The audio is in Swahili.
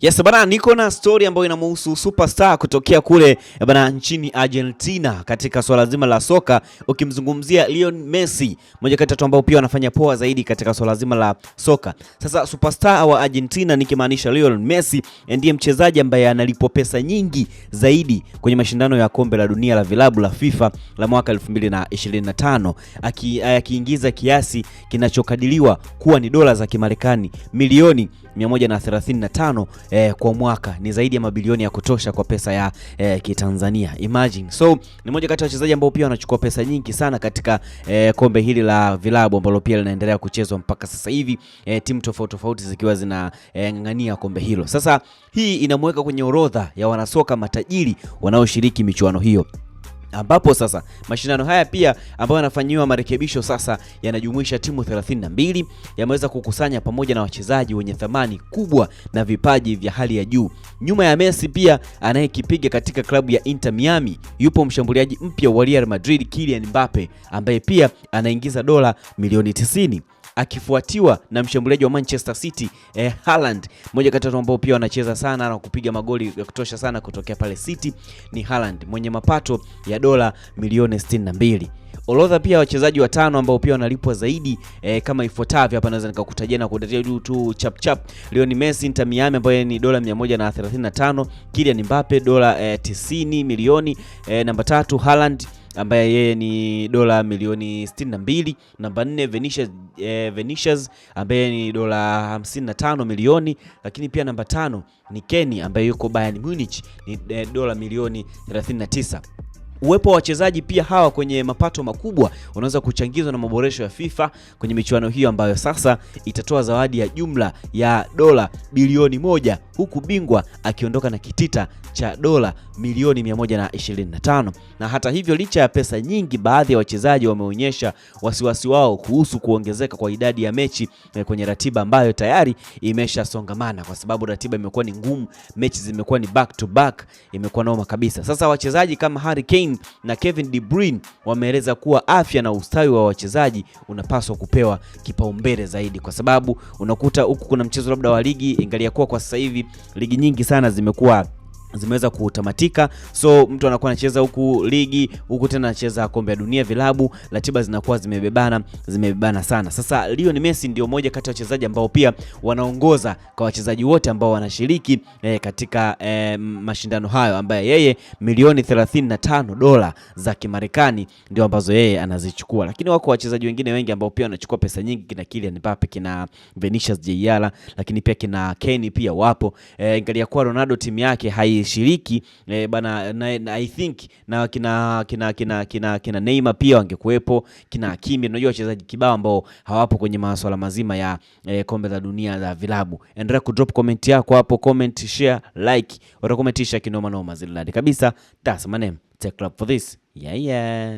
Yes, bana niko na story ambayo inamhusu superstar kutokea kule eh, bana nchini Argentina katika swala zima la soka. Ukimzungumzia Lionel Messi, mmoja kati ya watu ambao pia wanafanya poa zaidi katika swala zima la soka. Sasa superstar wa Argentina nikimaanisha Lionel Messi eh, ndiye mchezaji ambaye analipwa pesa nyingi zaidi kwenye mashindano ya kombe la dunia la vilabu la FIFA la mwaka 2025 eh, akiingiza aki kiasi kinachokadiriwa kuwa ni dola za Kimarekani milioni 135 eh, kwa mwaka ni zaidi ya mabilioni ya kutosha kwa pesa ya eh, Kitanzania. Imagine. So ni moja kati ya wachezaji ambao pia wanachukua pesa nyingi sana katika eh, kombe hili la vilabu ambalo pia linaendelea kuchezwa mpaka sasa hivi eh, timu tofauti tofauti zikiwa zinang'ang'ania eh, kombe hilo. Sasa hii inamweka kwenye orodha ya wanasoka matajiri wanaoshiriki michuano hiyo ambapo sasa mashindano haya pia ambayo yanafanyiwa marekebisho sasa yanajumuisha timu 32 yameweza kukusanya pamoja na wachezaji wenye thamani kubwa na vipaji vya hali ya juu. Nyuma ya Messi pia anayekipiga katika klabu ya Inter Miami yupo mshambuliaji mpya wa Real Madrid Kylian Mbappe ambaye pia anaingiza dola milioni 90 akifuatiwa na mshambuliaji wa Manchester City eh, Haaland. Mmoja kati ya watu ambao pia wanacheza sana na kupiga magoli ya kutosha sana kutokea pale City ni Haaland mwenye mapato ya dola milioni 62. Orodha pia wachezaji watano ambao pia wanalipwa zaidi e, kama ifuatavyo. Hapa naweza nikakutajia na kuendelea juu tu chap chap. Leo ni Messi Inter Miami ambaye ni dola 135, Kylian Mbappe dola eh, 90 milioni e, namba tatu Haaland ambaye yeye ni dola milioni 62. Namba 4 Venicius, eh, Venicius ambaye ni dola 55 milioni, lakini pia namba tano ni Kenny ambaye yuko Bayern Munich ni eh, dola milioni 39. Uwepo wa wachezaji pia hawa kwenye mapato makubwa unaweza kuchangizwa na maboresho ya FIFA kwenye michuano hiyo ambayo sasa itatoa zawadi ya jumla ya dola bilioni moja huku bingwa akiondoka na kitita cha dola milioni 125. Na hata hivyo, licha ya pesa nyingi, baadhi ya wachezaji wameonyesha wasiwasi wao kuhusu kuongezeka kwa idadi ya mechi eh, kwenye ratiba ambayo tayari imeshasongamana, kwa sababu ratiba imekuwa ni ngumu, mechi zimekuwa ni back to back, imekuwa noma kabisa. Sasa wachezaji kama Harry Kane na Kevin De Bruyne wameeleza kuwa afya na ustawi wa wachezaji unapaswa kupewa kipaumbele zaidi, kwa sababu unakuta huku kuna mchezo labda wa ligi, ingalia kuwa kwa sasa hivi ligi nyingi sana zimekuwa zimeweza kutamatika, so mtu anakuwa anacheza huku ligi huku tena anacheza kombe la dunia vilabu, ratiba zinakuwa zimebebana zimebebana sana. Sasa Lionel Messi ndio moja kati ya wachezaji ambao pia wanaongoza kwa wachezaji wote ambao wanashiriki eh, katika eh, mashindano hayo, ambaye yeye milioni 35 dola za Kimarekani ndio ambazo yeye anazichukua, lakini wako wachezaji wengine wengi ambao pia wanachukua pesa nyingi, kina Kylian Mbappe, kina Vinicius Jr, lakini pia kina Kane pia wapo eh, ingalia kwa Ronaldo timu yake hai walishiriki eh, bana na, na, I think na kina kina kina kina, kina Neymar pia wangekuwepo, kina Hakimi, unajua wachezaji kibao ambao hawapo kwenye masuala mazima ya eh, kombe la dunia la vilabu. Endelea ku drop comment yako hapo, comment, share, like, utakomentisha kinoma noma ziladi kabisa. That's my name. Take club for this. Yeah yeah.